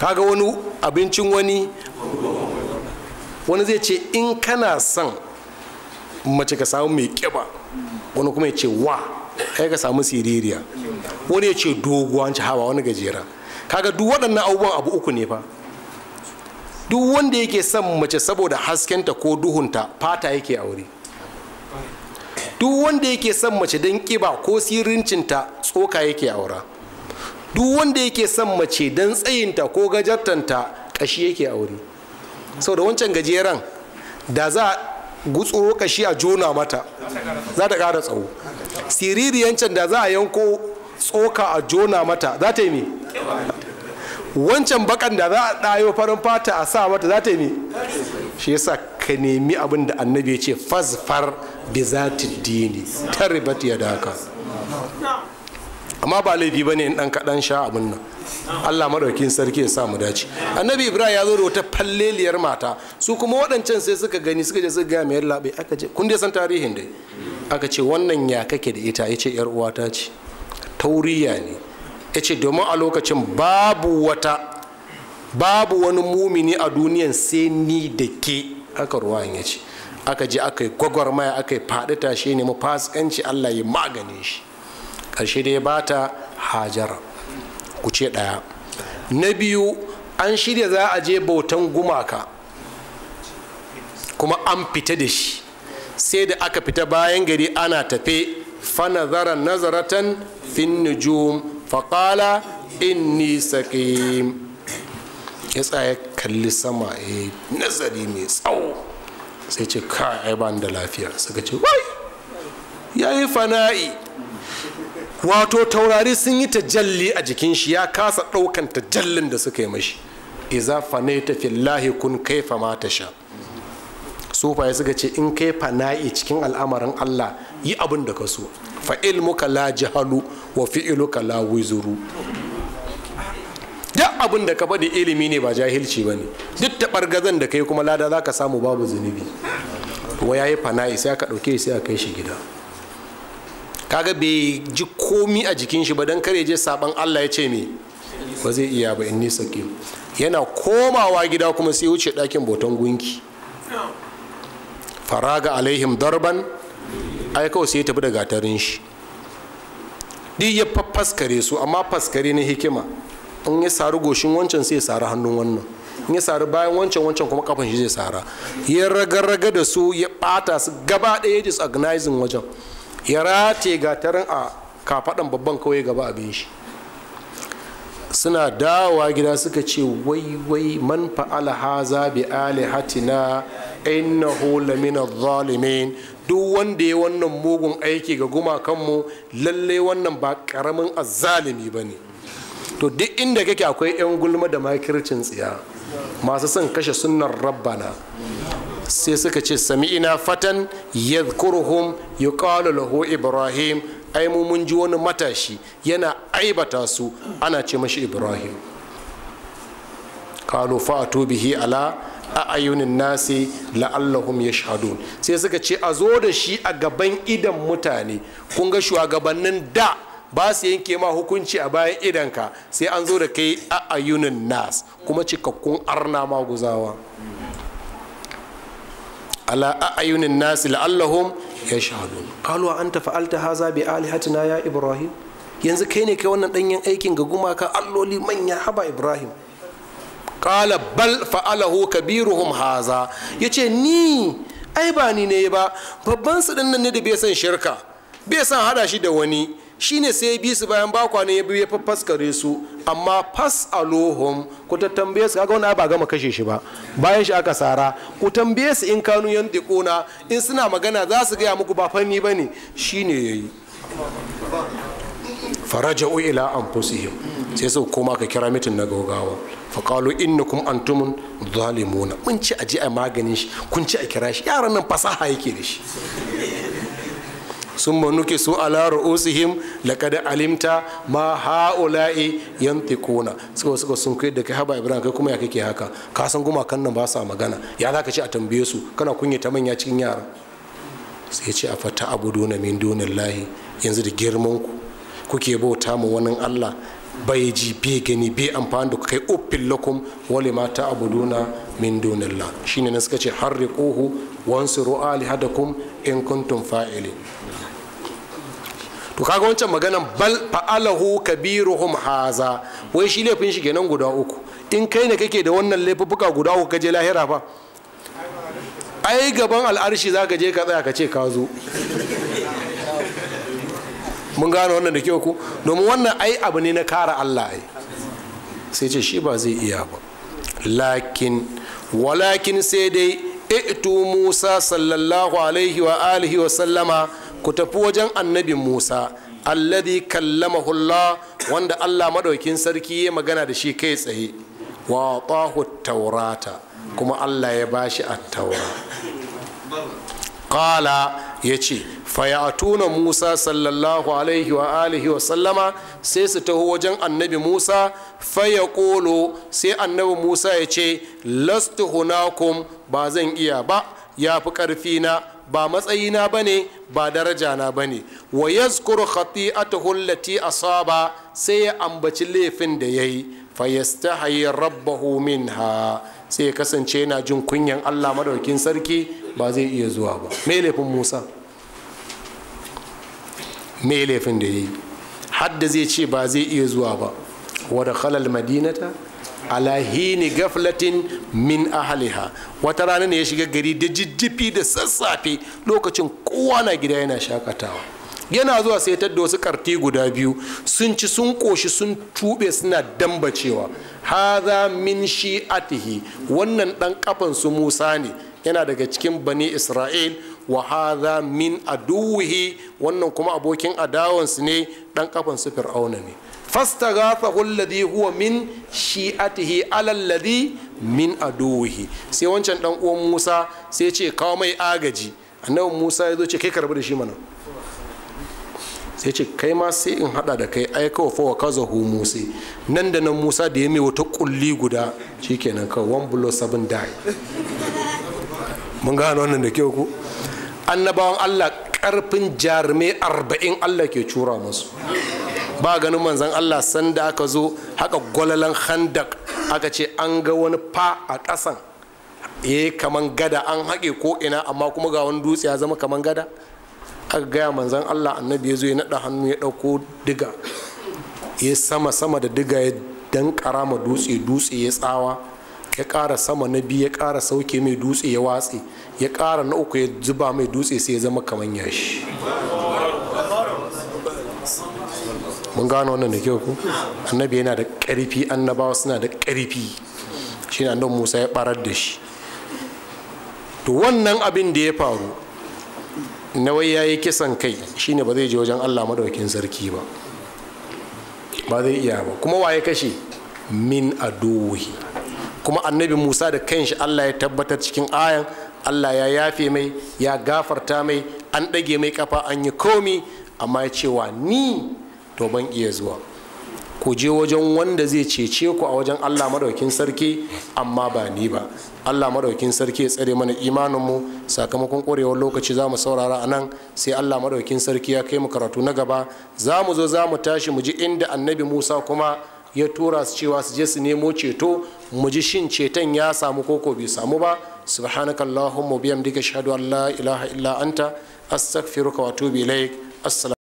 kaga wani abincin wani wani zai ce in kana son mace ka samu mai kiba wani kuma ya ce wa kai ka samu siririya wani ya ce doguwa ci hawa wani gajera kaga duk waɗannan abubuwan abu uku ne fa duk wanda yake son mace saboda haskenta ko duhunta fata yake aure duk wanda yake son mace don kiba ko sirrincinta tsoka yake aura duk wanda yake son mace don tsayinta ko gajartanta kashi yake aure sau da wancan gajeren da za a gutsuro kashi a jona mata za ta kara tsawo siririyancan da za a yanko tsoka a jona mata za ta yi ne wancan bakan da za a ɗayo farin fata a sa mata za ta yi ne shi yasa ka nemi abin da annabi ya ce fazfar bi dini ta ribat ya daka amma ba laifi bane in dan kaɗan sha abin nan allah maɗaukin sarki ya sa mu dace annabi ibrahim ya zo da wata falleliyar mata su kuma waɗancan sai suka gani suka je suka gaya mai labe aka ce kun dai san tarihin dai aka ce wannan ya kake da ita ya ce yar uwata ce tauriya ne ya ce domin a lokacin babu wata babu wani mumini a duniyan sai ni da ke aka ruwan ya ce aka je aka yi gwagwarmaya aka yi faɗi tashe ne mu fasikanci allah ya magane shi ƙarshe dai ba ta hajar ku ce ɗaya na biyu an shirya za a je bautan gumaka kuma an fita da shi sai da aka fita bayan gari ana tafe fanazara nazaratan fin nujum faƙala nisa saƙim ya tsaye kalli sama ya eh, nazari mai tsawo sai ce ka ai ba da lafiya suka ce wai ya yi fana'i wato taurari sun yi tajalli a jikin shi ya kasa ɗaukan tajallin da suka yi mashi iza fanaita fillahi kun kaifa ma ta sha sufaye suka ce in kai fana'i cikin al'amarin Allah yi abin da ka so fa ilmuka la jahalu wa fi'iluka la wizuru duk abin da ka faɗi ilimi ne ba jahilci ba ne duk taɓargazan da kai kuma lada za ka samu babu zunubi wa ya yi fana'i sai aka ɗauke sai a kai shi gida kaga bai ji komi a jikin shi ba dan kare je saban Allah ya ce me ba zai iya ba inni sakim yana komawa gida kuma sai wuce dakin boton gunki faraga alaihim darban ai kawai sai ya tafi da gatarin shi duk ya faskare su amma faskare na hikima in ya saru goshin wancan sai ya saru hannun wannan in ya sari bayan wancan wancan kuma kafin shi zai sara ya raga-raga da su ya bata su gaba ɗaya ya disorganizing wajen ya rataye a kafaɗan babban kawai gaba abin shi suna dawowa gida suka ce wai wai man fa'ala haza bi alihatina innahu lamina zalimin duk wanda ya wannan mugun aiki ga gumakanmu lalle wannan ba karamin azzalimi ba ne to duk inda kake akwai 'yan gulma da makircin tsiya masu son kashe sunnar rabbana sai suka ce sami'ina fatan yadhkuruhum yuqalu lahu ibrahim ai mu mun ji wani matashi yana aibata su ana ce mashi ibrahim Kalu fa'atu bihi ala a ayyunin nasi la'allahum shahadu sai suka ce a zo da shi a gaban idan mutane kun ga shugabannin da ba su yanke ma hukunci a bayan idanka sai an zo da kai a ayunin nas kuma cikakkun arna guzawa ala a ayunin nas la'allahum ya shahadun qalu anta fa'alta haza bi alihatina ya ibrahim yanzu kai ne kai wannan danyen aikin ga gumaka alloli manya haba ibrahim qala bal fa'alahu kabiruhum haza yace ni ai ba ni ne ba babban su dinnan ne da bai san shirka bai san hada shi da wani shine sai bi su bayan bakwanan ya bi ya su amma fas fasaluhum ku ta tambaye su kaga wani ba gama kashe shi ba bayan shi aka sara ku tambaye su in kanu yan tikuna in suna magana za su gaya muku ba fanni bane shine yayi faraja'u ila anfusihim sai su koma ka kira mitin na gaugawa faƙalu innakum antum zalimuna mun ci aji a maganin shi kun ci a kira shi yaran nan fasaha yake da shi sun manuke su ala ru'usihim laqad alimta ma haula'i yantiquna suka suka sun kai da kai haba ibrahim kai kuma ya kake haka ka san gumakan nan ba sa magana ya zaka ce a tambaye su kana ta manya cikin yara sai ce a fata abuduna min dunillahi yanzu da girman ku kuke bauta mu wani Allah bai ji bai gani bai amfani da kai uffin lakum wale ma ta abuduna min dunillah shine na suka ce harriquhu wansuru alihadakum in kuntum fa'ili to kaga wancan maganan bal fa'alahu kabiruhum haza wai shi laifin shi kenan guda uku in kai ne kake da wannan laifuka guda uku kaje lahira fa ai gaban al'arshi za ka je ka tsaya ka ce ka zo mun gano wannan da kyau ku domin wannan ai abu ne na kara Allah ai sai ce shi ba zai iya ba lakin walakin sai dai i'tu musa sallallahu alaihi wa alihi wa sallama ku tafi wajen annabin musa alladhi kallamahu Allah wanda Allah madaukin sarki ya magana da shi kai tsaye wa tahu taurata kuma Allah ya bashi at-taura qala ya ce tuna musa sallallahu alaihi wa alihi wa sallama sai su taho wajen annabi musa faya kolo sai annabi musa ya ce lastu hunakum ba zan iya ba ya fi ƙarfi na ba matsayina ba ne ba daraja na ba ne wa ya yazkuru khati'atahu a asaba sai ya ambaci laifin da ya yayi fayastahi rabbahu minha sai ya kasance yana jin kunyan allah madaukin sarki ba zai iya zuwa ba me laifin musa me laifin da ya yi hadda zai ce ba zai iya zuwa ba wada khalal madinata alahini gaflatin min ahaliha wata rana ne ya shiga gari da jijjifi da sassafe lokacin kowa na gida yana shakatawa yana zuwa sai ta da wasu karti guda biyu sun ci sun koshi sun tube suna dambacewa haza min shi'atihi wannan dan kafan su musa ne yana daga cikin bani isra'il wa haza min aduwihi wannan kuma abokin adawansu ne dan kafan su fir'auna ne fastaghathahu alladhi huwa min shi'atihi ala alladhi min aduwihi sai wancan dan uwan musa sai ce kawo mai agaji annabi musa ya zo ce kai karbi da shi mana sai ce kai ma sai in hada da kai ai kawai fa wa kaza hu musa nan da nan musa da ya mai wata kulli guda shikenan ka one bulo seven die mun gano wannan da kyau ku annabawan allah karfin jarumai arba'in allah ke cura musu ba ganin manzan allah sanda aka zo haka gwalalan handak aka ce an ga wani fa a ƙasan ya eh, kaman gada an haƙe ko ina amma kuma ga wani dutse ya zama kaman gada aka gaya manzan allah annabi ya zo ya naɗa hannu ya ɗauko diga ya sama sama da diga ya dankara ma dutse dutse ya tsawa ya ƙara sama na biyu ya ƙara sauke mai dutse ya watse ya ƙara na uku ya zuba mai dutse sai ya zama kamar yashi mun gano wannan da kyau ku annabi yana da ƙarfi annabawa suna da ƙarfi shi na nan musa ya ɓarar da shi to wannan abin da ya faru nawai ya yi kisan kai shine ba zai je wajen allah maɗaukin sarki ba ba zai iya ba kuma waye kashe min aduwi kuma annabi musa da kanshi allah ya tabbatar cikin ayan allah ya yafe mai ya gafarta mai an ɗage mai kafa an yi komi amma ya cewa ni to ban iya zuwa ku je wajen wanda zai cece ku a wajen allah madaukin sarki amma ba ni ba allah madaukin sarki ya tsare mana imaninmu sakamakon ƙwarewar lokaci za mu saurara a nan sai allah madaukin sarki ya kai mu karatu na gaba za mu zo za mu tashi mu ji inda annabi musa kuma ya tura su cewa su je su nemo ceto mu ji shin ceton ya samu koko bai samu ba subhanaka allahumma dika shahadu an la ilaha illa anta astaghfiruka wa atubu ilaik